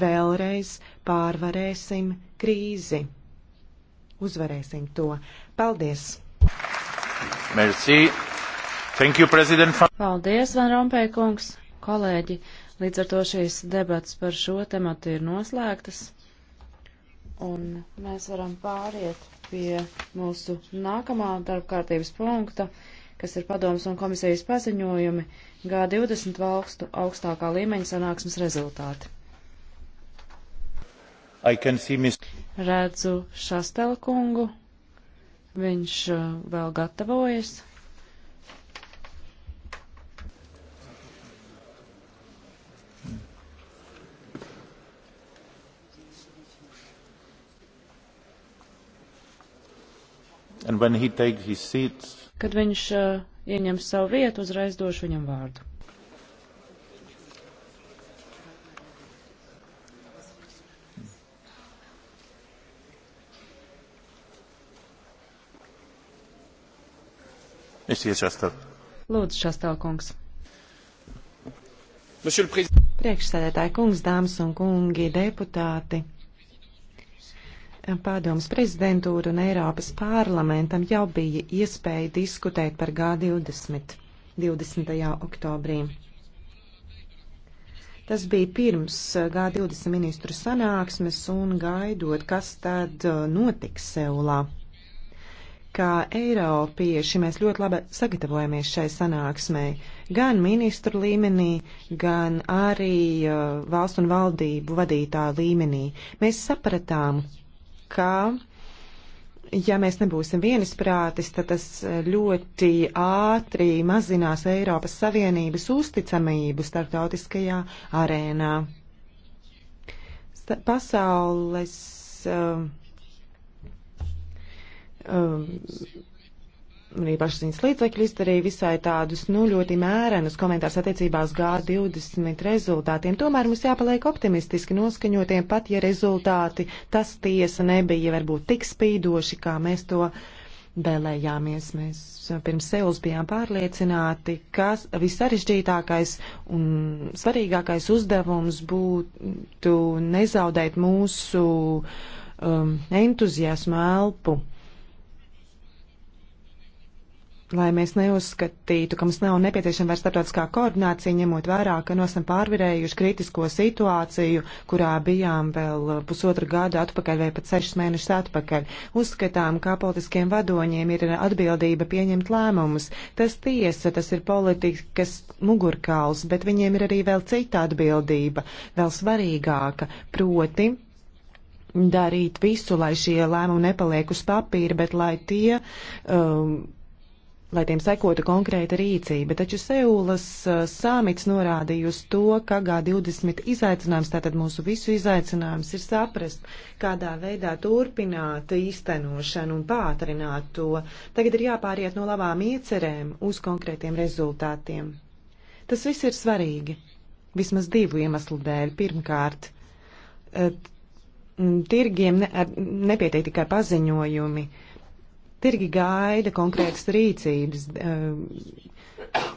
Vēlreiz pārvarēsim krīzi. Uzvarēsim to. Paldies! Merci. Thank you, President. Paldies, Van Rompēj kungs, kolēģi. Līdz ar to šīs debats par šo tematu ir noslēgtas. Un mēs varam pāriet pie mūsu nākamā darba kārtības punkta, kas ir padomas un komisijas paziņojumi G20 valstu augstākā līmeņa sanāksmes rezultāti. Redzu Šastelkungu. Viņš uh, vēl gatavojas. Kad viņš uh, ieņem savu vietu, uzreiz došu viņam vārdu. Es iesaistāju. Lūdzu, Šastāvkungs. Priekšsēdētāji kungs, dāmas un kungi, deputāti. Pārdomas prezidentūra un Eiropas parlamentam jau bija iespēja diskutēt par G20 20. oktobrī. Tas bija pirms G20 ministru sanāksmes un gaidot, kas tad uh, notiks Seulā kā Eiropieši mēs ļoti labi sagatavojamies šai sanāksmei, gan ministru līmenī, gan arī uh, valstu un valdību vadītāju līmenī. Mēs sapratām, ka, ja mēs nebūsim vienisprātis, tad tas uh, ļoti ātri mazinās Eiropas Savienības uzticamību starptautiskajā arēnā. Sta pasaules. Uh, um, arī pašziņas līdzekļi izdarīja visai tādus, nu, ļoti mērenus komentārus attiecībā uz G20 rezultātiem. Tomēr mums jāpaliek optimistiski noskaņotiem, pat ja rezultāti tas tiesa nebija varbūt tik spīdoši, kā mēs to vēlējāmies. Mēs pirms sevis bijām pārliecināti, ka visarežģītākais un svarīgākais uzdevums būtu nezaudēt mūsu um, entuziasmu elpu lai mēs neuzskatītu, ka mums nav nepieciešama vairs starptautiskā koordinācija, ņemot vērā, ka nosam pārvarējuši kritisko situāciju, kurā bijām vēl pusotru gadu atpakaļ vai pat sešus mēnešus atpakaļ. Uzskatām, kā politiskiem vadoņiem ir atbildība pieņemt lēmumus. Tas tiesa, tas ir politikas mugurkauls, bet viņiem ir arī vēl cita atbildība, vēl svarīgāka, proti darīt visu, lai šie lēmumi nepaliek uz papīra, bet lai tie um, lai tiem sekotu konkrēta rīcība. Taču Seulas uh, samits norādīja uz to, ka G20 izaicinājums, tātad mūsu visu izaicinājums ir saprast, kādā veidā turpināt īstenošanu un pātrināt to. Tagad ir jāpāriet no labām iecerēm uz konkrētiem rezultātiem. Tas viss ir svarīgi. Vismaz divu iemeslu dēļ. Pirmkārt, uh, tirgiem ne, nepietiek tikai paziņojumi. Uh, Tirgi gaida konkrētas rīcības, eh,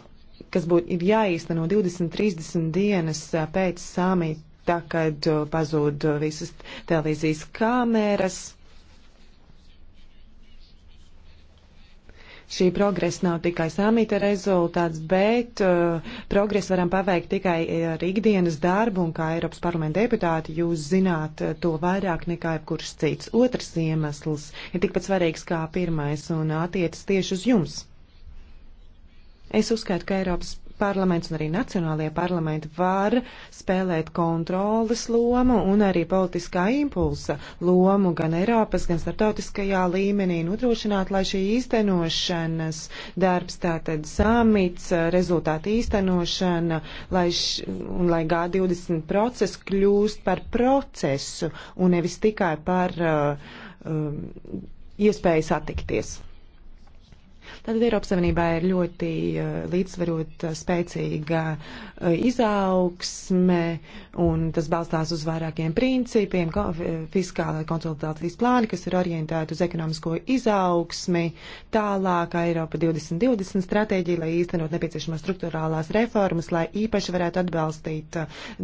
kas būtu jāīsteno 20-30 dienas eh, pēc samita, kad eh, pazūd visas televīzijas kameras Šī progresa nav tikai samita rezultāts, bet uh, progresu varam paveikt tikai uh, ar ikdienas darbu, un kā Eiropas parlamenta deputāti jūs zināt uh, to vairāk nekā jebkurš cits. Otrs iemesls ir tikpat svarīgs kā pirmais un attiecas tieši uz jums. Es uzskatu, ka Eiropas parlaments un arī nacionālajie parlamenti var spēlēt kontroles lomu un arī politiskā impulsa lomu gan Eiropas, gan starptautiskajā līmenī un utrošināt, lai šī īstenošanas darbs, tātad samits, rezultāta īstenošana, lai, š, un, lai G20 process kļūst par procesu un nevis tikai par uh, um, iespēju satikties. Tātad Eiropas Savienībā ir ļoti uh, līdzsvarot uh, spēcīga uh, izaugsme, un tas balstās uz vairākiem principiem ko, - fiskālā konsultācijas plāni, kas ir orientēti uz ekonomisko izaugsmi, tālāk Eiropa 2020 stratēģija, lai īstenot nepieciešamās struktūrālās reformas, lai īpaši varētu atbalstīt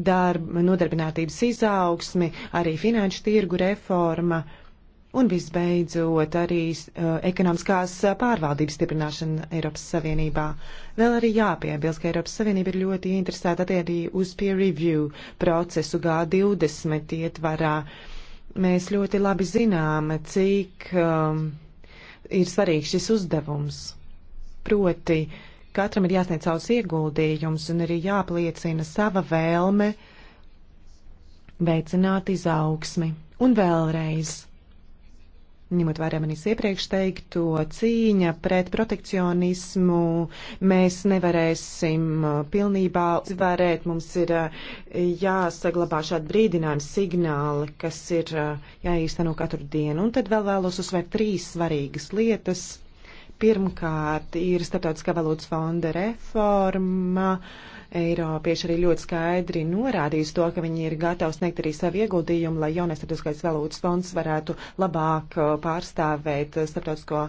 darba, nodarbinātības izaugsmi, arī finanšu tirgu reforma. Uh, Un visbeidzot arī uh, ekonomiskās uh, pārvaldības stiprināšana Eiropas Savienībā. Vēl arī jāpiebilst, ka Eiropas Savienība ir ļoti interesēta arī uz peer review procesu G20 ietvarā. Mēs ļoti labi zinām, cik um, ir svarīgs šis uzdevums. Proti, katram ir jāsniedz savus ieguldījums un arī jāpliecina sava vēlme veicināt izaugsmi. Un vēlreiz Ņemot vērā manis iepriekš teikto, cīņa pret protekcionismu mēs nevarēsim uh, pilnībā uzvarēt. Mums ir uh, jāsaglabā šādi brīdinājumi, signāli, kas ir uh, jāīsteno katru dienu. Un tad vēl vēlos uzsvērt trīs svarīgas lietas Pirmkārt, ir Startautiskā valūtas fonda reforma. Eiropieši arī ļoti skaidri norādījusi to, ka viņi ir gatavi sniegt arī savu ieguldījumu, lai jaunais Startautiskais valūtas fonds varētu labāk uh, pārstāvēt uh, starptautisko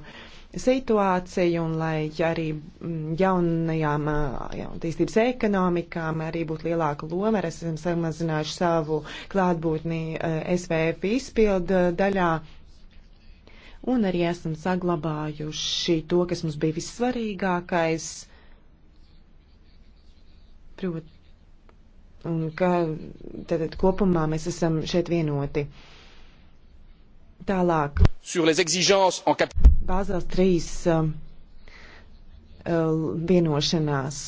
situāciju un lai arī mm, jaunajām uh, attīstības ekonomikām arī būtu lielāka loma. Mēs esam samazinājuši savu klātbūtni SVF izpildu daļā un arī esam saglabājuši to, kas mums bija vissvarīgākais, proti, un ka tātad kopumā mēs esam šeit vienoti. Tālāk. En... Bāzās trīs um, uh, vienošanās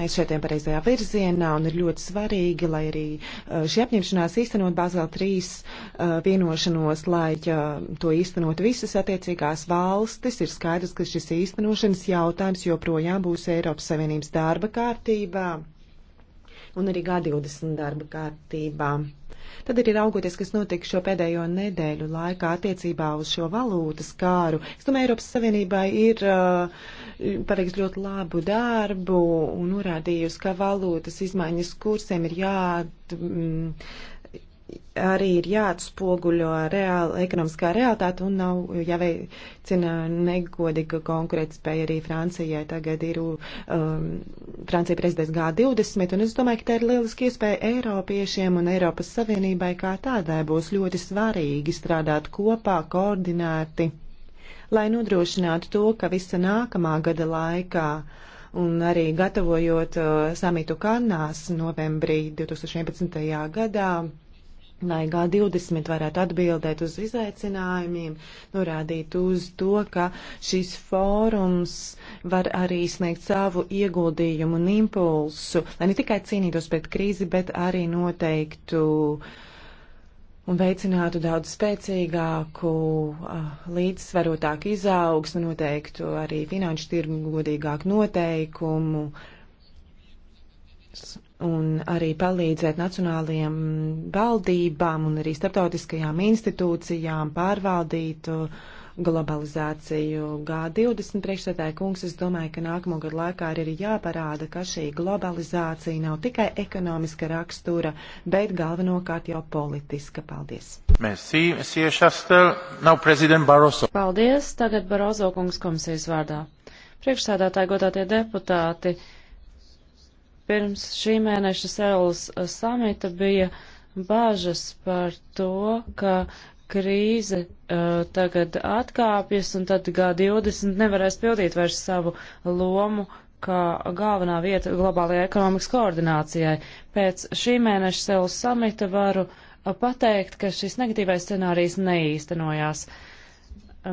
Mēs šeit ejam pareizajā virzienā un ir ļoti svarīgi, lai arī šī apņemšanās īstenot Bāzēl 3 uh, vienošanos, lai uh, to īstenot visas attiecīgās valstis, ir skaidrs, ka šis īstenošanas jautājums joprojām būs Eiropas Savienības darba kārtībā un arī G20 darba kārtībā. Tad arī raugoties, kas notika šo pēdējo nedēļu laikā attiecībā uz šo valūtas kāru. Es domāju, Eiropas Savienībai ir uh, paveiks ļoti labu darbu un norādījusi, ka valūtas izmaiņas kursiem ir jā. Mm, arī ir jāatspoguļo reāla ekonomiskā realitāte un nav jāveicina negodīga konkurētspēja arī Francijai. Tagad ir um, Francija prezidents G20 un es domāju, ka tā ir lieliski iespēja Eiropiešiem un Eiropas Savienībai kā tādai būs ļoti svarīgi strādāt kopā, koordinēti, lai nodrošinātu to, ka visa nākamā gada laikā un arī gatavojot uh, samitu Kannās novembrī 2011. gadā lai G20 varētu atbildēt uz izaicinājumiem, norādīt uz to, ka šis fórums var arī sniegt savu ieguldījumu un impulsu, lai ne tikai cīnītos pret krīzi, bet arī noteiktu un veicinātu daudz spēcīgāku, ah, līdzsvarotāku izaugsmu, noteiktu arī finanšu tirgu godīgāku noteikumu un arī palīdzēt nacionālajiem valdībām un arī starptautiskajām institūcijām pārvaldīt uh, globalizāciju. G20 priekšsēdētāja kungs, es domāju, ka nākamo gadu laikā arī ir jāparāda, ka šī globalizācija nav tikai ekonomiska rakstura, bet galvenokārt jau politiska. Paldies! Merci, Monsieur Chastel. Nav prezident Baroso. Paldies, tagad Baroso kungs komisijas vārdā. Priekšsēdētāji, godātie deputāti. Pirms šī mēneša Seulas eh, samita bija bāžas par to, ka krīze uh, tagad atkāpjas un tad G20 nevarēs pildīt vairs savu lomu kā galvenā vieta globālajai ekonomikas koordinācijai. Pēc šī mēneša Seulas samita varu uh, pateikt, ka šis negatīvais scenārijs neīstenojās. Uh,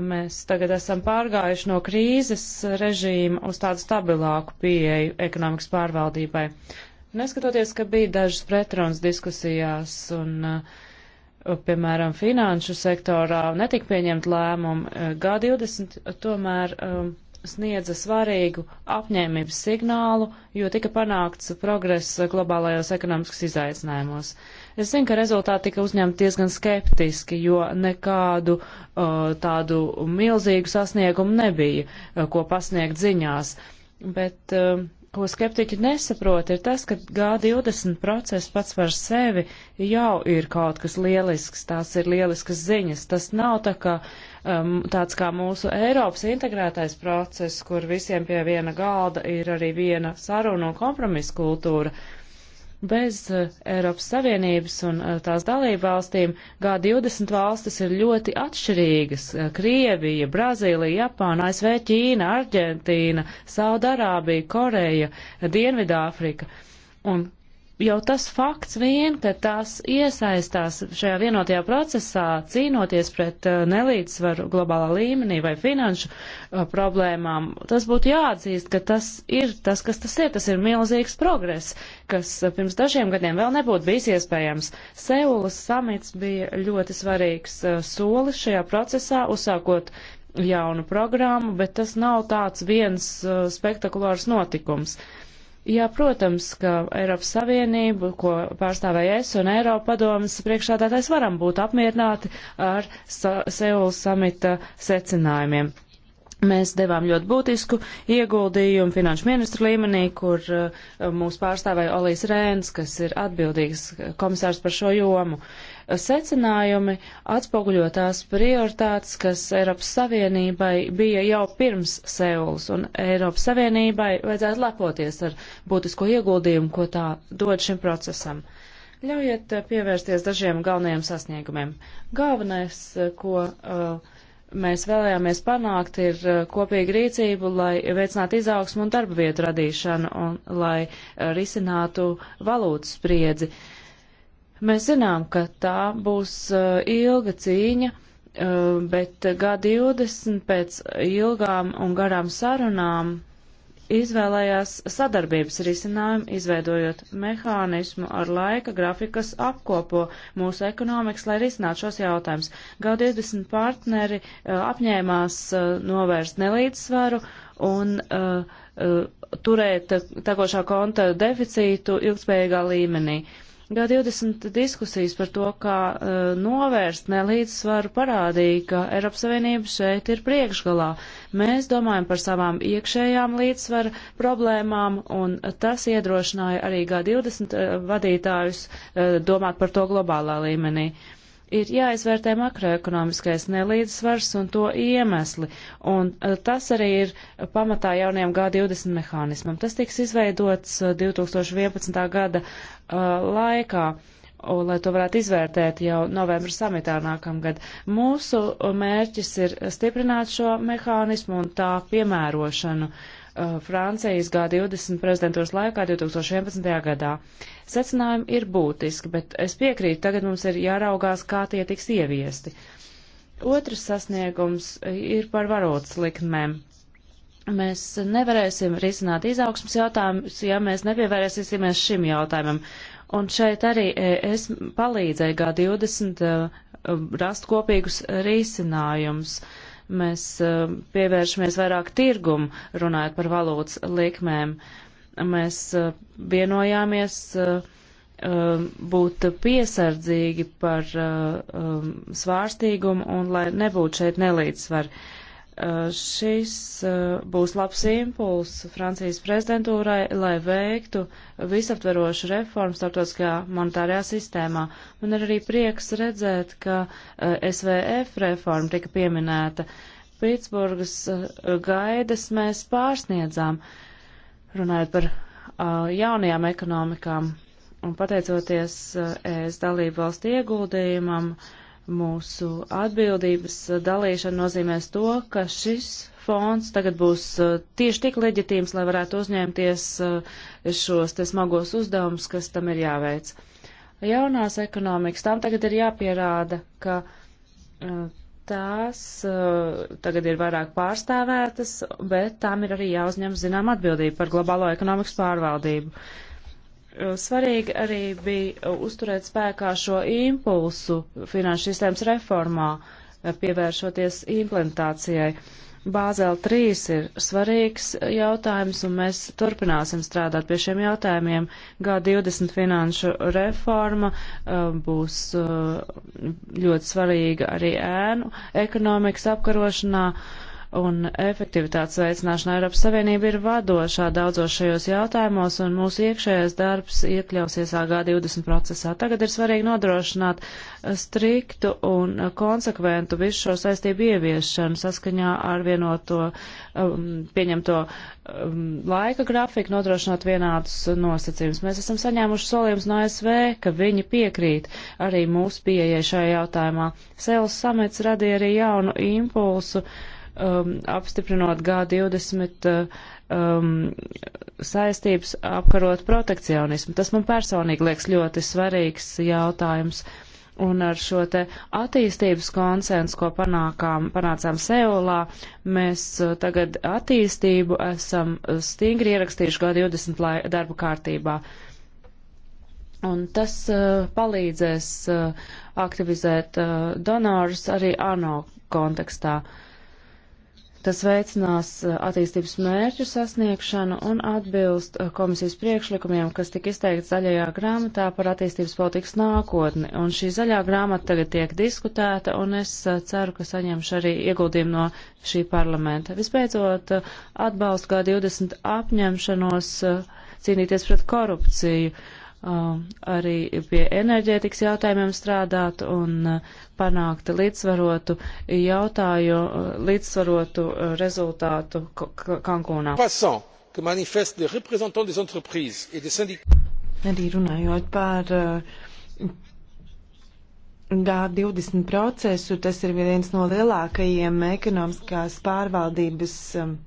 Mēs tagad esam pārgājuši no krīzes režīma uz tādu stabilāku pieeju ekonomikas pārvaldībai. Neskatoties, ka bija dažas pretrunas diskusijās un, uh, piemēram, finanšu sektorā netika pieņemt lēmumu, uh, G20 tomēr um, sniedza svarīgu apņēmības signālu, jo tika panākts progress globālajos ekonomikas izaicinājumos. Es zinu, ka rezultāti tika uzņemti diezgan skeptiski, jo nekādu uh, tādu milzīgu sasniegumu nebija, uh, ko pasniegt ziņās. Bet uh, ko skeptiķi nesaprot, ir tas, ka G20 process pats par sevi jau ir kaut kas lielisks, tās ir lieliskas ziņas. Tas nav tā kā, um, tāds kā mūsu Eiropas integrētais process, kur visiem pie viena galda ir arī viena saruna un kompromisa kultūra. Bez eh, Eiropas Savienības un eh, tās dalību valstīm G20 valstis ir ļoti atšķirīgas eh, - Krievija, Brazīlija, Japāna, ASV, Ķīna, Argentīna, Saudarābija, Koreja, Dienvidāfrika. Un jau tas fakts vien, ka tās iesaistās šajā vienotajā procesā, cīnoties pret uh, nelīdzsvaru globālā līmenī vai finanšu uh, problēmām, tas būtu jāatzīst, ka tas ir tas, kas tas ir. Tas ir milzīgs progress, kas uh, pirms dažiem gadiem vēl nebūtu bijis iespējams. Seulas samits bija ļoti svarīgs solis šajā procesā, uzsākot jaunu programmu, bet tas nav tāds viens spektakulārs notikums. Uh, Jā, protams, ka Eiropas Savienību, ko pārstāvēja es un Eiropa padomas priekšādātais varam būt apmierināti ar sa Seulas samita secinājumiem. Mēs devām ļoti būtisku ieguldījumu finanšu ministru līmenī, kur uh, mūs pārstāvēja Olīs Rēns, kas ir atbildīgs komisārs par šo jomu. Uh, secinājumi atspoguļo tās prioritātes, kas Eiropas Savienībai bija jau pirms Seulas, un Eiropas Savienībai vajadzētu lepoties ar būtisko ieguldījumu, ko tā dod šim procesam. Ļaujiet eh, pievērsties dažiem galvenajiem sasniegumiem. Galvenais, eh, ko uh, mēs vēlējāmies panākt, ir kopīga rīcība, lai veicinātu izaugsmu un darba vietu radīšanu un lai risinātu valūtas spriedzi. Uh, Mēs zinām, ka tā būs eh, ilga cīņa, eh, bet G20 pēc ilgām un garām sarunām izvēlējās sadarbības risinājumu, izveidojot mehānismu ar laika grafikas apkopo mūsu ekonomikas, lai risinātu šos jautājumus. G20 partneri eh, apņēmās novērst nelīdzsvaru un turēt tekošā konta deficītu ilgspējīgā līmenī. G20 diskusijas par to, kā uh, novērst nelīdzsvaru parādīja, ka Eiropas Savienība šeit ir priekšgalā. Mēs domājam par savām iekšējām līdzsvaru problēmām, un tas iedrošināja arī G20 uh, vadītājus uh, domāt par to globālā līmenī. Uh, ir jāizvērtē makroekonomiskais nelīdzsvars un to iemesli, un eh, tas arī ir pamatā jaunajam G20 mehānismam. Tas tiks izveidots 2011. Eh, gada uh, laikā. Un, lai to varētu izvērtēt jau novembra samitā nākamgad. Mūsu mērķis ir stiprināt šo mehānismu un tā piemērošanu uh, Uh, Francijas G20 prezidentūras laikā 2011. gadā. Secinājumi ir būtiski, bet es piekrītu, tagad mums ir jāraugās, kā tie tiks ieviesti. Otrs sasniegums ir par varotas likmēm. Mēs nevarēsim risināt izaugsmas jautājumus, ja mēs nepievērsīsimies šim jautājumam. Un šeit arī e, es palīdzēju G20 e, rast kopīgus risinājumus. Uh, Mēs eh, pievēršamies vairāk tirgumu, runājot par valūtas likmēm. Mēs eh, vienojāmies eh, būt piesardzīgi par svārstīgumu un lai nebūtu šeit nelīdzsvaru Uh, šis uh, būs labs impuls Francijas prezidentūrai, lai veiktu visaptverošu reformu starptautiskajā monetārajā sistēmā. Man ir arī prieks redzēt, ka uh, SVF reforma tika pieminēta. Pitsburgas gaidas mēs pārsniedzām, runājot par jaunajām ekonomikām. Un pateicoties ES dalību valstu ieguldījumam, uh, Mūsu atbildības dalīšana nozīmēs to, ka šis fonds tagad būs uh, tieši tik leģitīms, lai varētu uzņemties uh, šos te smagos uzdevumus, kas tam ir jāveic. Jaunās ekonomikas tam tagad ir jāpierāda, ka uh, tās tagad ir vairāk pārstāvētas, bet tām ir arī jāuzņem zinām atbildība par globālo ekonomikas pārvaldību. Uh, Eh, svarīgi arī bija uzturēt spēkā šo impulsu finanšu sistēmas reformā, eh, pievēršoties implementācijai. Bāzēl 3 ir svarīgs jautājums, un mēs turpināsim strādāt pie šiem jautājumiem. G20 finanšu reforma eh, būs ļoti svarīga arī ēnu ekonomikas apkarošanā un efektivitātes veicināšana Eiropas Savienība ir vadošā daudzos šajos jautājumos, un mūsu iekšējais darbs iekļausies AG20 procesā. Tagad ir svarīgi nodrošināt striktu un konsekventu visu šo saistību ieviešanu saskaņā ar vienoto um, pieņemto um, laika grafiku, nodrošinot vienādus nosacījumus. Mēs esam saņēmuši solījumus no ASV, ka viņi piekrīt arī mūsu pieejai šajā jautājumā. Sales samets radīja arī jaunu impulsu. Uh, um, apstiprinot G20 um, saistības apkarot protekcionismu. Tas man personīgi liekas ļoti svarīgs jautājums. Un ar šo te attīstības konsensu, ko panākām, panācām Seulā, mēs uh, tagad attīstību esam uh, stingri ierakstījuši G20 lai, darba kārtībā. Un tas uh, palīdzēs uh, aktivizēt uh, donors arī ANO kontekstā. Uh, Tas veicinās eh, attīstības mērķu sasniegšanu un atbilst eh, komisijas priekšlikumiem, kas tika izteikts zaļajā grāmatā par attīstības politikas nākotni. Un šī zaļā grāmata tagad tiek diskutēta, un es eh, ceru, ka saņemšu arī ieguldījumu no šī parlamenta. Vispēcot, atbalstu G20 apņemšanos cīnīties pret korupciju. Uh, Um, arī pie enerģētikas jautājumiem strādāt un uh, panākt līdzsvarotu jautāju, uh, līdzsvarotu uh, rezultātu Kankūnā. Arī runājot par G20 procesu, tas ir viens no lielākajiem ekonomiskās pārvaldības um,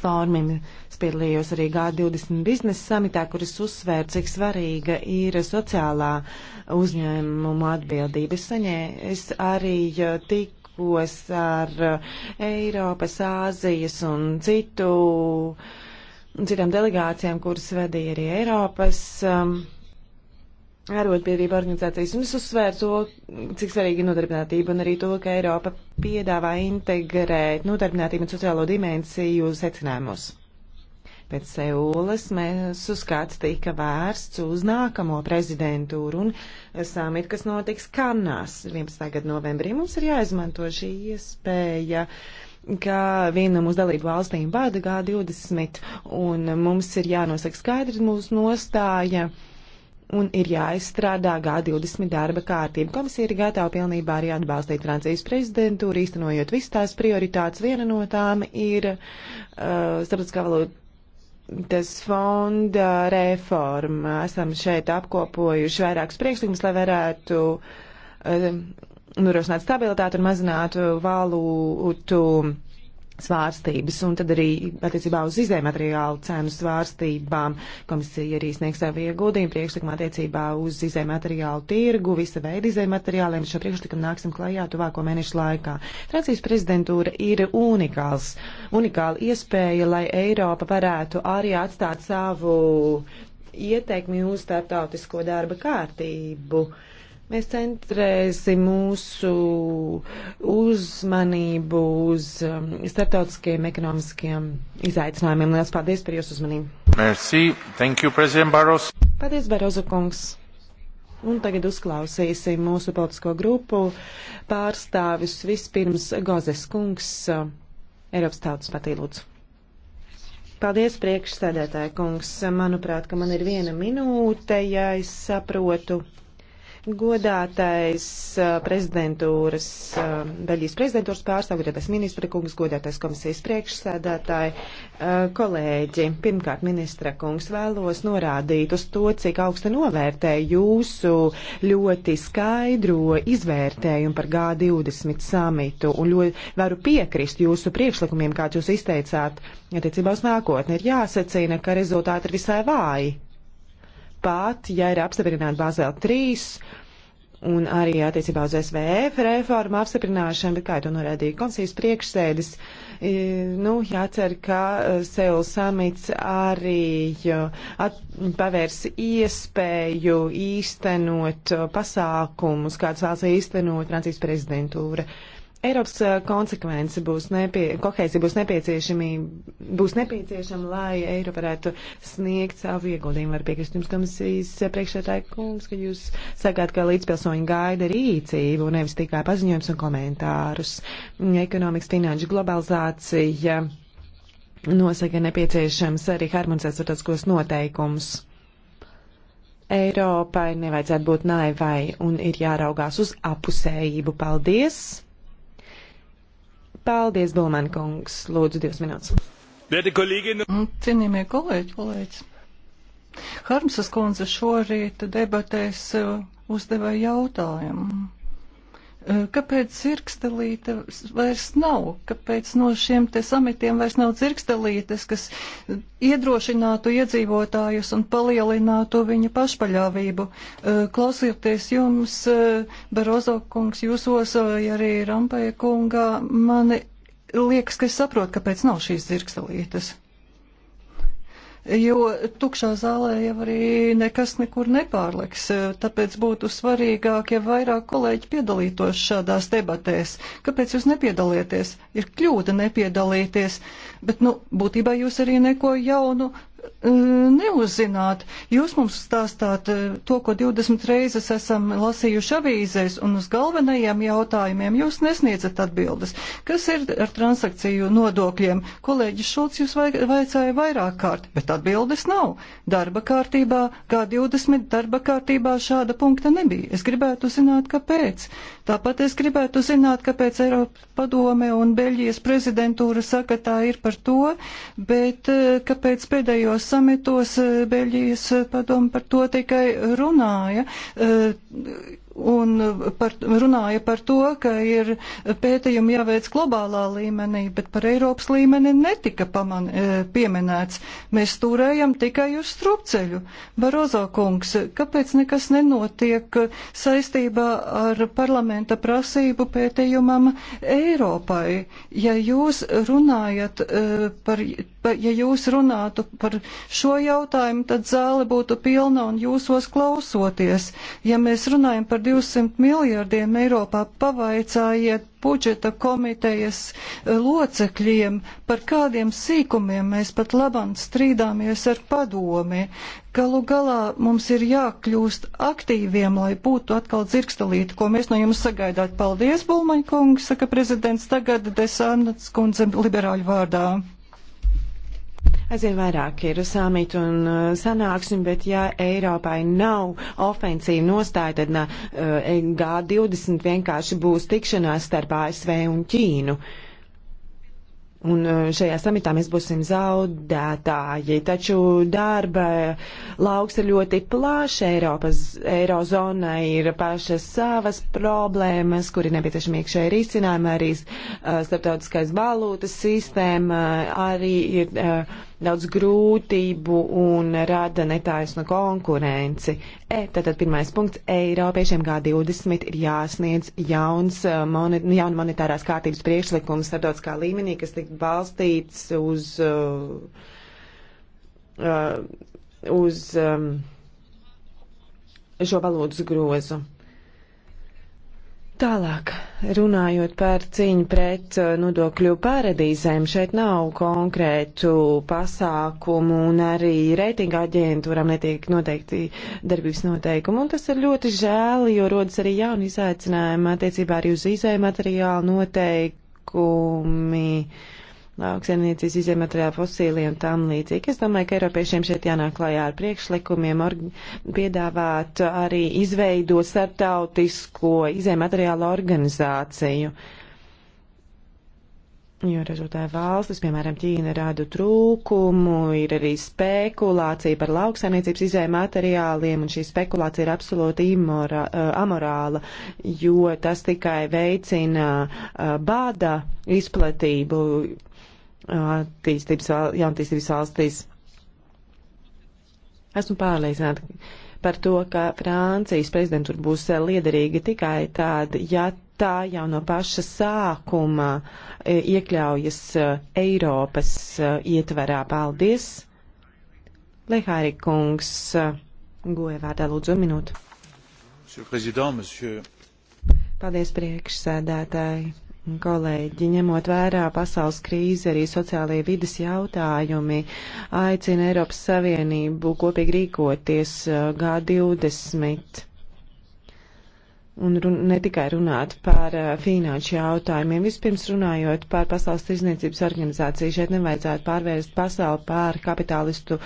Fórumiem spiedalījos arī G20 biznesa samitā, kuras uzsvēra, cik svarīga ir sociālā uzņēmuma atbildība. Es, saņē, es arī tikos ar eh, Eiropas, Āzijas un citu, citām delegācijām, kuras vedīja arī Eiropas. Um, ārotbiedrība organizācijas. Un es uzsvēru to, cik svarīgi ir nodarbinātība un arī to, ka Eiropa piedāvā integrēt nodarbinātību un sociālo dimensiju secinājumus. Pēc Seulas mēs uzskats tika vērsts uz nākamo prezidentūru un samit, kas notiks Kanās 11. gada novembrī. Mums ir jāizmanto šī iespēja ka viena no mūsu dalību valstīm vada G20 un mums ir jānosaka skaidrs mūsu nostāja. Uh, un ir jāizstrādā G20 darba kārtība. Komisija ir gatava pilnībā arī atbalstīt Francijas prezidentūru, īstenojot visas tās prioritātes. Viena no tām ir uh, starptautiskā valūtas fonda reforma. Esam šeit apkopojuši vairākus priekšlikumus, lai varētu uh, nurošināt stabilitāti un mazinātu valūtu. Uh, svārstības, un tad arī attiecībā uz izējumateriālu cenu svārstībām komisija arī sniegs savu ieguldījumu priekšlikumā attiecībā uz izējumateriālu tirgu, visa veida izējumateriāliem. Šo priekšlikumu nāksim klajā tuvāko mēnešu laikā. Francijas prezidentūra ir unikāls, unikāla iespēja, lai Eiropa varētu arī atstāt savu ieteikmi uz starptautisko darba kārtību. Uh, Mēs centrēsim mūsu uzmanību uz um, starptautiskiem ekonomiskiem izaicinājumiem. Lielas paldies par jūsu uzmanību. Merci. Thank you, President Baros. Paldies, Barozu kungs. Un tagad uzklausīsim mūsu politisko grupu pārstāvis vispirms Gozes kungs, uh, Eiropas tautas patīlūdzu. Paldies, priekšsēdētāja kungs. Manuprāt, ka man ir viena minūte, ja es saprotu Godātais uh, prezidentūras, uh, Beļģijas prezidentūras pārstāvja, godātais ministra kungs, godātais komisijas priekšsēdētāji, uh, kolēģi. Pirmkārt, ministra kungs vēlos norādīt uz to, cik augsti novērtē jūsu ļoti skaidro izvērtējumu par G20 samitu un ļoti varu piekrist jūsu priekšlikumiem, kā jūs izteicāt, attiecībā uz nākotni. Ir jāsacīna, ka rezultāti ir visai vāji pat, ja ir apstiprināta Bāzēla 3 un arī attiecībā uz SVF reformu apstiprināšanu, bet kā to norādīja komisijas priekšsēdis, nu, jācer, ka e, Seul samits arī at, pavērs iespēju īstenot e, pasākumus, kāds vēlas īstenot Francijas prezidentūra. Uh, Eiropas eh, konsekvence būs, nepie, būs, būs nepieciešama, lai Eiropa varētu sniegt savu ieguldījumu. Var piekrist jums, komisijas priekšētāji kungs, ka jūs sakāt, ka līdzpilsoņi gaida rīcību, nevis tikai paziņojums un komentārus. Ekonomikas finanšu globalizācija nosaka nepieciešams arī harmonizēt starptautiskos noteikumus. Eiropai nevajadzētu būt naivai un ir jāraugās uz apusējību. Paldies! Paldies, Bulman kungs. Lūdzu, divas minūtes. Nu- cienījamie kolēģi, kolēģis. Harmsas kundze šorīt debatēs uh, uzdeva jautājumu Eh, kāpēc zirgstelīte vairs nav? Kāpēc no šiem te samitiem vairs nav zirgstelītes, kas iedrošinātu iedzīvotājus un palielinātu viņu pašpaļāvību? Eh, Klausoties jums, eh, Barozo kungs, jūsos vai arī Rampaja kungā, mani liekas, ka es saprotu, kāpēc nav šīs zirgstelītes jo tukšā zālē jau arī nekas nekur nepārliks. Tāpēc būtu svarīgāk, ja vairāk kolēģi piedalītos šādās debatēs. Kāpēc jūs nepiedalieties? Ir kļūda nepiedalīties, bet, nu, būtībā jūs arī neko jaunu neuzzināt. Jūs mums stāstāt eh, to, ko 20 reizes esam lasījuši avīzēs, un uz galvenajiem jautājumiem jūs nesniedzat atbildes. Kas ir ar transakciju nodokļiem? Kolēģis Šulcs jūs vaicāja vairāk kārt, bet atbildes nav. Darba kārtībā, kā 20 darba kārtībā šāda punkta nebija. Es gribētu zināt, kāpēc. Tāpat es gribētu zināt, kāpēc Eiropas padome un Beļģijas prezidentūra saka tā ir par to, bet eh, kāpēc pēdējos samitos eh, Beļģijas padome par to tikai runāja. Eh, un par, runāja par to, ka ir pētījumi jāveic globālā līmenī, bet par Eiropas līmeni netika paman, e, pieminēts. Mēs stūrējam tikai uz strupceļu. Barozo kungs, kāpēc nekas nenotiek saistībā ar parlamenta prasību pētījumam Eiropai? Ja jūs runājat e, par, ja jūs runātu par šo jautājumu, tad zāle būtu pilna un jūsos klausoties. Ja mēs runājam par par 200 miljardiem Eiropā, pavaicājiet budžeta komitejas eh, locekļiem, par kādiem sīkumiem mēs pat labam strīdāmies ar padomi. Galu galā mums ir jākļūst aktīviem, lai būtu atkal dzirkstalīti, ko mēs no jums sagaidāt. Paldies, Bulmaņkungs, saka prezidents, tagad desānats kundzem liberāļu vārdā. Aizvien vairāk ir samīti un uh, sanāksmi, bet ja Eiropai nav ofensīva nostāja, tad uh, G20 vienkārši būs tikšanās starp ASV un Ķīnu. Un uh, šajā samitā mēs būsim zaudētāji, taču darba lauks ir ļoti plāšs. Eiropas eirozonai ir pašas savas problēmas, kur ir nepieciešami iekšēji risinājumi, arī uh, starptautiskais valūtas sistēma uh, arī ir. Uh, daudz grūtību un rada netaisnu konkurenci. E, tātad pirmais punkts - Eiropiešiem G20 ir jāsniedz jauns, eh, moni, jauna monetārās kārtības priekšlikums starptautiskā līmenī, kas tik balstīts uz. Uh, uz um, šo valūtas grozu. Tālāk, runājot par cīņu pret uh, nodokļu paradīzēm, šeit nav konkrētu pasākumu un arī reitinga aģentūram netiek noteikti darbības noteikumi. Un tas ir ļoti žēl, jo rodas arī jauni izaicinājumi attiecībā arī uz izējumateriālu noteikumi. Uh, lauksaimniecības izējumateriāli fosīlie un tam līdzīgi. Es domāju, ka Eiropiešiem šeit jānāk klajā ar priekšlikumiem, org, piedāvāt arī izveidot starptautisko izējumateriālu organizāciju. Uh, Jo ražotāja valstis, piemēram, Ķīna rāda trūkumu, ir arī spekulācija par lauksaimniecības izējuma materiāliem, un šī spekulācija ir absolūti imora, uh, amorāla, jo tas tikai veicina uh, eh, bāda izplatību eh, attīstības, uh, jaunatīstības valstīs. Esmu pārliecināta par to, ka Francijas prezidentūra būs liederīga tikai tāda, ja tā jau no paša sākuma e, iekļaujas e, Eiropas e, ietverā. Paldies! Lehāri kungs, goja vārdā lūdzu minūtu. Paldies priekšsēdētāji! Kolēģi, ņemot vērā pasaules krīzi, arī sociālajie vidas jautājumi, aicina Eiropas Savienību kopīgi rīkoties G20 un run, ne tikai runāt par uh, finanšu jautājumiem. Vispirms runājot par Pasaules tirzniecības organizāciju, šeit nevajadzētu pārvērst pasauli par kapitalistu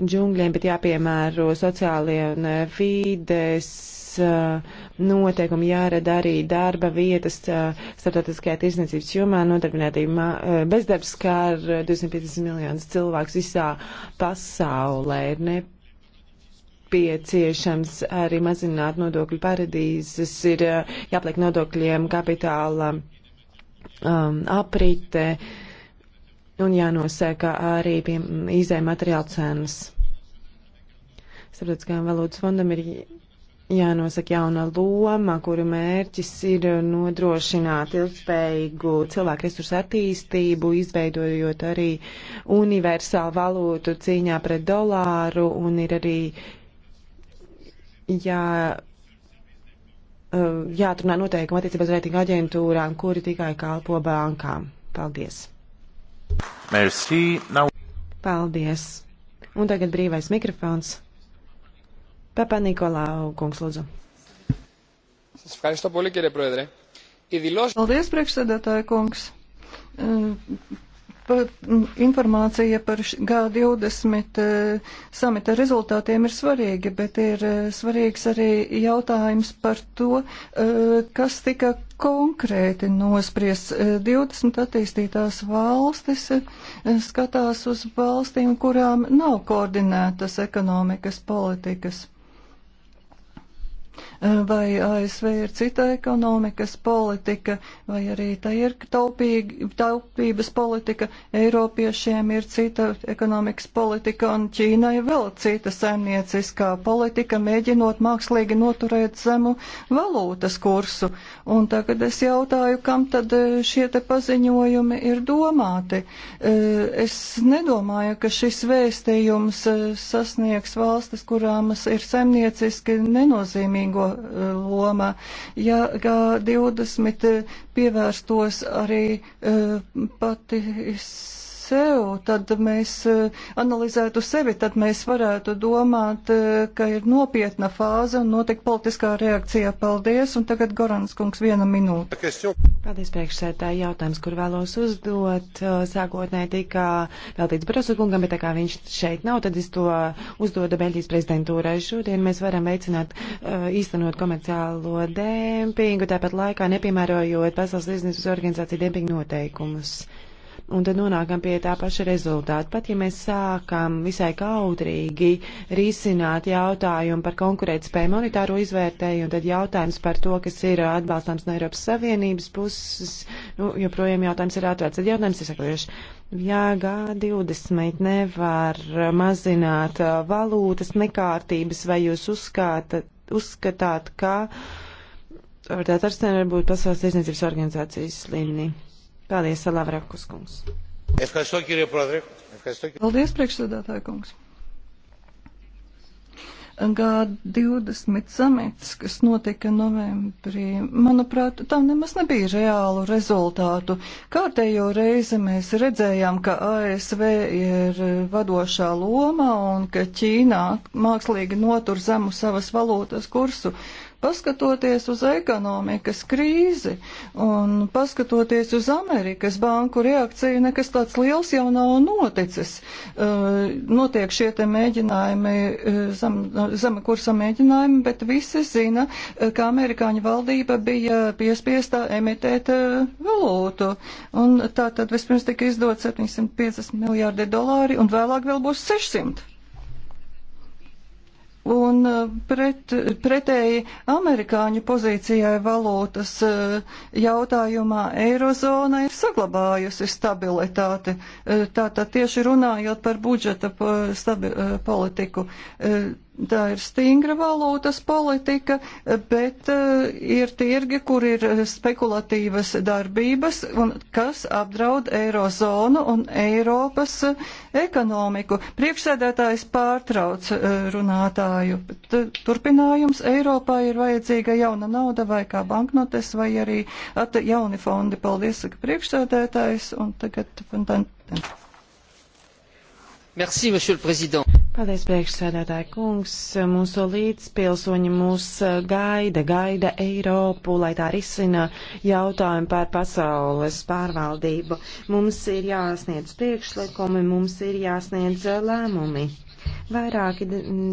džungļiem, bet jāpiemēro sociālie un uh, vides uh, eh, noteikumi, jārada arī darba vietas uh, starptautiskajā tirzniecības jomā. Nodarbinātība uh, bezdarbs skār 250 miljonus cilvēkus visā pasaulē. Ir ne nepieciešams arī mazināt nodokļu paradīzes, ir eh, jāpliek nodokļiem kapitāla um, aprite un jānosēka arī pie izē materiāla cenas. Starptautiskajam valūtas fondam ir jānosaka jauna loma, kuru mērķis ir nodrošināt ilgspējīgu cilvēku resursu attīstību, izveidojot arī universālu valūtu cīņā pret dolāru un ir arī uh, jā, eh, jāatrunā noteikumi attiecībā uz reitingu aģentūrām, kuri tikai kalpo bankām. Paldies! Merci. Now... Paldies! Un tagad brīvais mikrofons. Papa Nikolau, kungs, lūdzu. Paldies, priekšsēdētāja kungs! Eh, informācija par G20 e, samita rezultātiem ir svarīga, bet ir e, svarīgs arī jautājums par to, e, kas tika konkrēti nospries. 20 attīstītās valstis skatās uz valstīm, kurām nav koordinētas ekonomikas politikas vai ASV ir cita ekonomikas politika, vai arī tā ir taupīgi, taupības politika, Eiropiešiem ir cita ekonomikas politika un Ķīnai vēl cita saimnieciskā politika, mēģinot mākslīgi noturēt zemu valūtas kursu. Un tagad es jautāju, kam tad e, šie te paziņojumi ir domāti. E, es nedomāju, ka šis vēstījums e, sasniegs valstis, kurām ir saimnieciski nenozīmīgo loma. Ja G20 pievērstos arī eh, pati sev, tad mēs eh, analizētu sevi, tad mēs varētu domāt, eh, ka ir nopietna fāze un notiek politiskā reakcija. Paldies, un tagad Gorans kungs viena minūte. Paldies, priekšsētāji, jautājums, kur vēlos uzdot. Eh, sākotnēji tika veltīts Barosu kungam, bet tā kā viņš šeit nav, tad es to uzdodu Beļģijas prezidentūrai. Šodien mēs varam veicināt, īstenot komerciālo dēmpingu, tāpat laikā nepiemērojot Pasaules izniecības organizāciju dēmpingu noteikumus. Un tad nonākam pie tā paša rezultāta. Pat ja mēs sākam visai kautrīgi risināt jautājumu par konkurētspēju monetāro izvērtēju, un tad jautājums par to, kas ir atbalstāms no Eiropas Savienības puses, nu, joprojām jautājums ir atvērts. Tad jautājums ir sakojuši. Jā, G20 nevar mazināt valūtas nekārtības, vai jūs uzskāta, uzskatāt, ka. Tātad Arsenē varbūt pasaules tiesniecības organizācijas līmenī. Paldies, Lavrakus kungs. Paldies, priekšsēdētāja kungs. G20 samits, kas notika novembrī, manuprāt, tam nemaz nebija reālu rezultātu. Kārtējo reizi mēs redzējām, ka ASV ir vadošā loma un ka Ķīnā mākslīgi notur zemu savas valūtas kursu. Paskatoties uz ekonomikas krīzi un paskatoties uz Amerikas banku reakciju, nekas tāds liels jau nav noticis. Uh, notiek šie te mēģinājumi, uh, zem, zem kursa mēģinājumi, bet visi zina, uh, ka amerikāņu valdība bija piespiestā emitēt valūtu. Un tā tad vispirms tika izdot 750 miljārdi dolāri un vēlāk vēl būs 600. Un uh, pret, pretēji amerikāņu pozīcijai valūtas uh, jautājumā Eirozona ir saglabājusi stabilitāti. Uh, tātad tieši runājot par budžeta politiku Tā ir stingra valūtas politika, bet eh, ir tirgi, kur ir eh, spekulatīvas darbības, un kas apdraud eirozonu un Eiropas eh, ekonomiku. Priekšsēdētājs pārtrauc runātāju. Turpinājums Eiropā ir vajadzīga jauna nauda vai kā banknotes vai arī jauni fondi. Paldies, saka priekšsēdētājs, un tagad fontanten. Merci, monsieur le président. Paldies, priekšsēdētāji kungs. Mūsu līdzpilsoņi mūs gaida, gaida Eiropu, lai tā risina jautājumu par pasaules pārvaldību. Mums ir jāsniedz priekšlikumi, mums ir jāsniedz lēmumi. Vairāki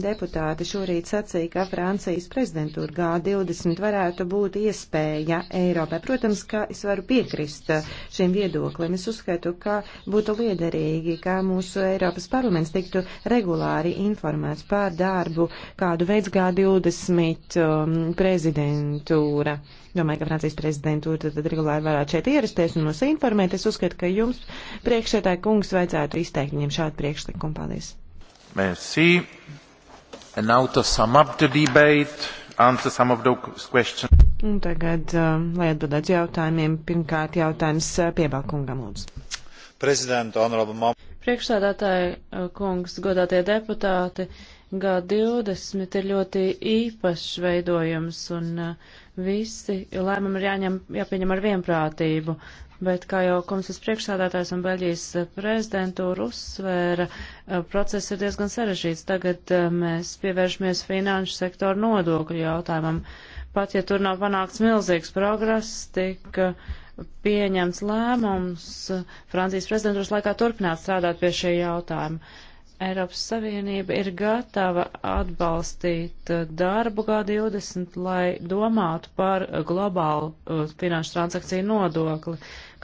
deputāti šorīt sacīja, ka Francijas prezidentūra G20 varētu būt iespēja Eiropai. Protams, ka es varu piekrist uh, šiem viedoklim. Es uzskatu, ka būtu liederīgi, ka mūsu Eiropas parlaments tiktu regulāri informēts par darbu, kādu veids G20 um, prezidentūra. Domāju, ka Francijas prezidentūra tad, tad regulāri varētu šeit ierasties un mūs informēt. Es uzskatu, ka jums priekšētāji kungs vajadzētu izteikt viņiem šādu priekšlikumu. Paldies! Merci. And now to sum up the debate, answer some of those questions. Un tagad, um, lai atbildētu jautājumiem, pirmkārt jautājums uh, piebalkungam lūdzu. Prezidenta, honorable mom. Priekšsādātāji, uh, kungs, godātie deputāti, G20 ir ļoti īpašs veidojums un uh, visi lēmumi ir jāņem, jāpieņem ar vienprātību bet, kā jau komisijas priekšsādātājs un Beļģijas eh, prezidentūra uzsvēra, eh, process ir diezgan sarežģīts. Tagad eh, mēs pievēršamies finanšu sektoru nodokļu jautājumam. Pat ja tur nav panākts milzīgs progress, tika pieņemts lēmums Francijas prezidentūras laikā turpināt strādāt pie šī jautājuma. Eiropas Savienība ir gatava atbalstīt uh, darbu G20, lai domātu par globālu uh, finanšu transakciju nodokli.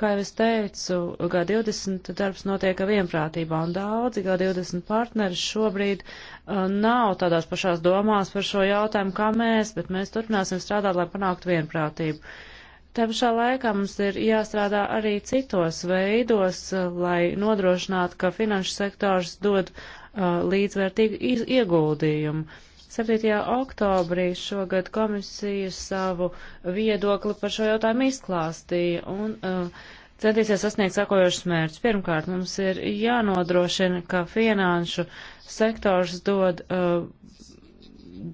Kā jau es teicu, G20 darbs notiek vienprātībā, un daudzi G20 partneri šobrīd uh, nav tādās pašās domās par šo jautājumu kā mēs, bet mēs turpināsim strādāt, lai panāktu vienprātību. Uh, Te pašā laikā mums ir jāstrādā arī citos veidos, eh, lai nodrošinātu, ka finanšu sektors dod uh, līdzvērtīgu ieguldījumu. 7. oktobrī šogad komisija savu viedokli par šo jautājumu izklāstīja un uh, centīsies sasniegt sakojošus mērķus. Pirmkārt, mums ir jānodrošina, ka finanšu sektors dod uh,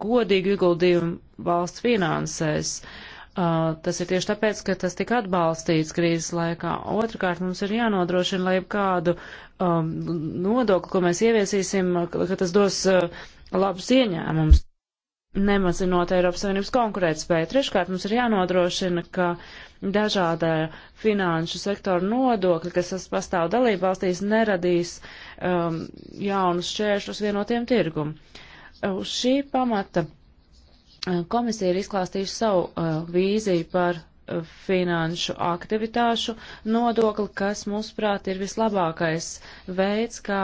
godīgu ieguldījumu valsts finansēs. Uh, Uh, tas ir tieši tāpēc, ka tas tika atbalstīts krīzes laikā. Otrakārt, mums ir jānodrošina, lai kādu um, nodokli, ko mēs ieviesīsim, ka, ka tas dos uh, labus ieņēmumus, nemazinot Eiropas Savienības konkurētspēju. Treškārt, mums ir jānodrošina, ka dažādā finanšu sektora nodokļi, kas pastāv dalību valstīs, neradīs um, jaunus šķēršus vienotiem tirgumu. Uz šī pamata Uh, komisija ir izklāstījusi savu uh, vīziju par uh, finanšu aktivitāšu nodokli, kas, mūsuprāt, ir vislabākais veids, kā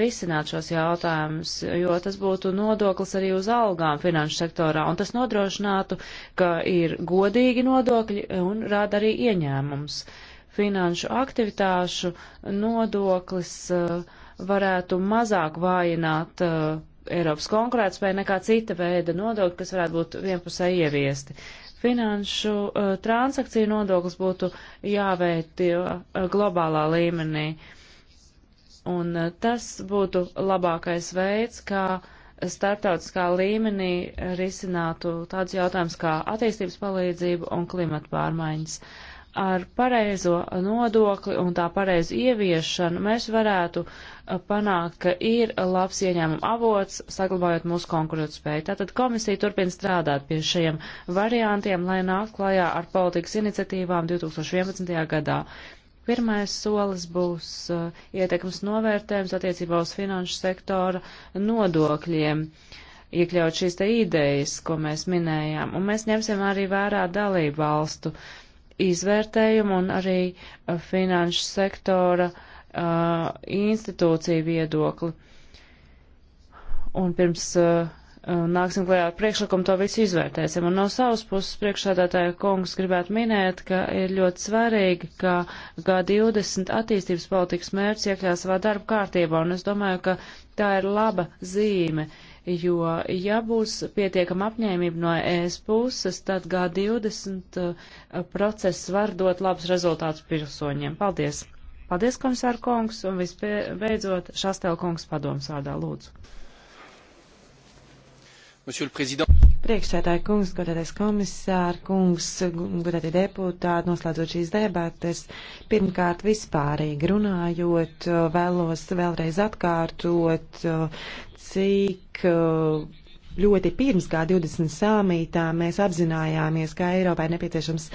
risināt šos jautājumus, jo tas būtu nodoklis arī uz algām finanšu sektorā, un tas nodrošinātu, ka ir godīgi nodokļi un rāda arī ieņēmums. Finanšu aktivitāšu nodoklis uh, varētu mazāk vājināt uh, Eiropas konkurētspēja nekā cita veida nodokļi, kas varētu būt vienpusē ieviesti. Finanšu uh, transakciju nodoklis būtu jāveikt uh, globālā līmenī. Un uh, tas būtu labākais veids, kā starptautiskā līmenī risinātu tādus jautājumus kā attīstības palīdzību un klimata pārmaiņas. Uh, ar pareizo nodokli un tā pareizu ieviešanu mēs varētu uh, panākt, ka ir labs ieņēmuma avots, saglabājot mūsu konkurētspēju. Tātad komisija turpina strādāt pie šiem variantiem, lai nāk klajā ar politikas iniciatīvām 2011. gadā. Pirmais solis būs uh, ietekmes novērtējums attiecībā uz finanšu sektora nodokļiem. Uh, iekļaut šīs te idejas, ko mēs minējām, un mēs ņemsim arī vērā dalību valstu izvērtējumu un arī uh, finanšu sektora uh, institūciju viedokli. Un pirms uh, uh, nāksim klajā ar priekšlikumu, to visu izvērtēsim. Un no savas puses priekšsādātāja kungs gribētu minēt, ka ir ļoti svarīgi, ka G20 attīstības politikas mērķis iekļās savā darba kārtībā, un es domāju, ka tā ir laba zīme. Uh, jo ja būs pietiekama apņēmība no ES puses, tad G20 uh, process var dot labus rezultātus pilsoņiem. Paldies! Paldies, komisāra kungs, un visbeidzot Šastēla kungs padoms vārdā lūdzu. Priekšsēdāja kungs, godātais komisāra kungs, godātie deputāti, noslēdzot šīs debates, pirmkārt vispārīgi runājot, vēlos vēlreiz atkārtot, cik ļoti pirms G20 samītā mēs apzinājāmies, ka Eiropai nepieciešams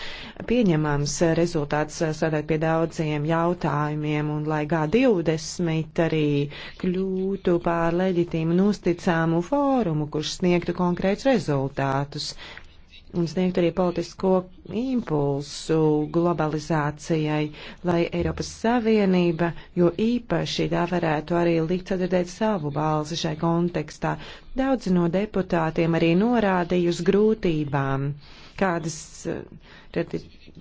pieņemams rezultāts strādāt pie daudziem jautājumiem un lai G20 arī kļūtu pār leģitīmu un uzticāmu fórumu, kurš sniegtu konkrēts rezultātus un sniegt arī politisko impulsu globalizācijai, lai Eiropas Savienība, jo īpaši tā varētu arī likt sadzirdēt savu balsi šai kontekstā. Daudzi no deputātiem arī norādīja uz grūtībām, kādas uh,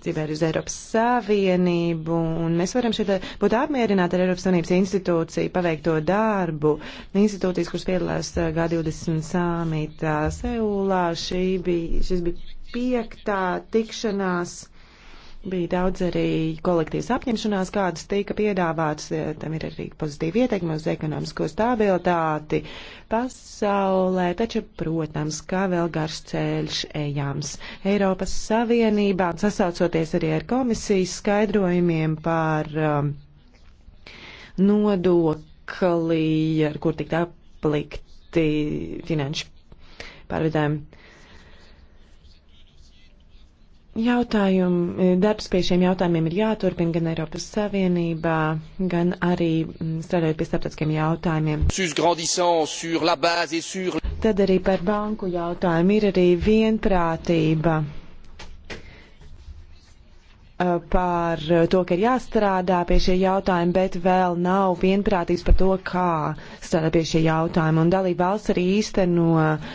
dzīvē uz Eiropas Savienību, un mēs varam šeit būt apmierināti ar Eiropas Savienības institūciju paveikto darbu. Institūcijas, kuras piedalās eh, G20 samitā Seulā, šī bija, šis bija piektā tikšanās Bija daudz arī kolektīvas apņemšanās, kādas tika piedāvātas. Tam ir arī pozitīva ieteikuma uz ekonomisko stabilitāti pasaulē, taču, protams, kā vēl garš ceļš ejams. Eiropas Savienībā, sasaucoties arī ar komisijas skaidrojumiem par um, nodokli, ar kur tikt aplikti finanšu pārvedājumi Jautājumi, darbs pie šiem jautājumiem ir jāturpina gan Eiropas Savienībā, gan arī mm, strādājot pie starptautiskiem jautājumiem. Sur... Tad arī par banku jautājumu ir arī vienprātība par to, ka ir jāstrādā pie šie jautājumi, bet vēl nav vienprātības par to, kā strādā pie šie jautājumi. Un dalība valsts arī īsteno uh,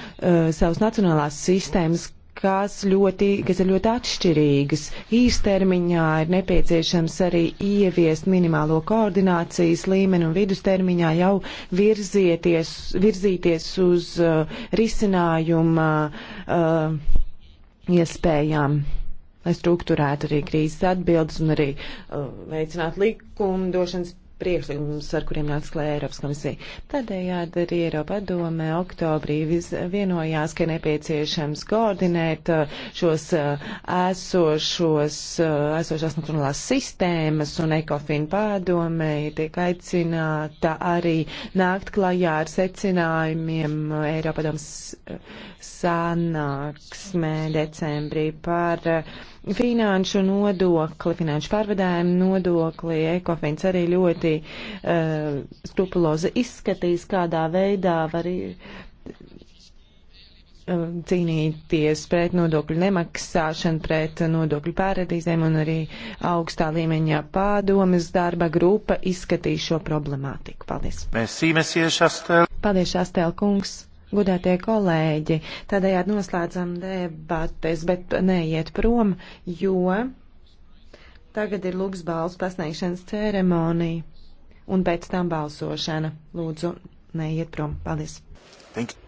savas nacionālās sistēmas, kas, ļoti, kas ir ļoti atšķirīgas. Īstermiņā ir nepieciešams arī ieviest minimālo koordinācijas līmeni un vidustermiņā jau virzīties uz uh, risinājuma uh, iespējām lai struktūrētu arī krīzes atbildes un arī uh, veicinātu likumdošanas priekšlikumus, ar kuriem nāca klē Eiropas komisija. Tādējādi arī Eiropa domē oktobrī vienojās, ka nepieciešams koordinēt uh, šos uh, esošos, uh, esošās naturālās sistēmas un ekofinu pārdomē tiek aicināta arī nākt klajā ar secinājumiem Eiropa domas sanāksmē decembrī par uh, finanšu nodokli, finanšu pārvedājumu nodokli. Ekofins arī ļoti uh, skrupulozi izskatīs, kādā veidā var eh, cīnīties pret nodokļu nemaksāšanu, pret nodokļu pārredīzēm un arī augstā līmeņa pārdomas darba grupa izskatīs šo problemātiku. Paldies. Mēs sīmēsies, Astēl. Paldies, Astēl kungs. Gudētie kolēģi, tādējādi noslēdzam debates, bet neiet prom, jo tagad ir lūgs balsu pasniegšanas ceremonija un pēc tam balsošana. Lūdzu, neiet prom. Paldies! Thank you.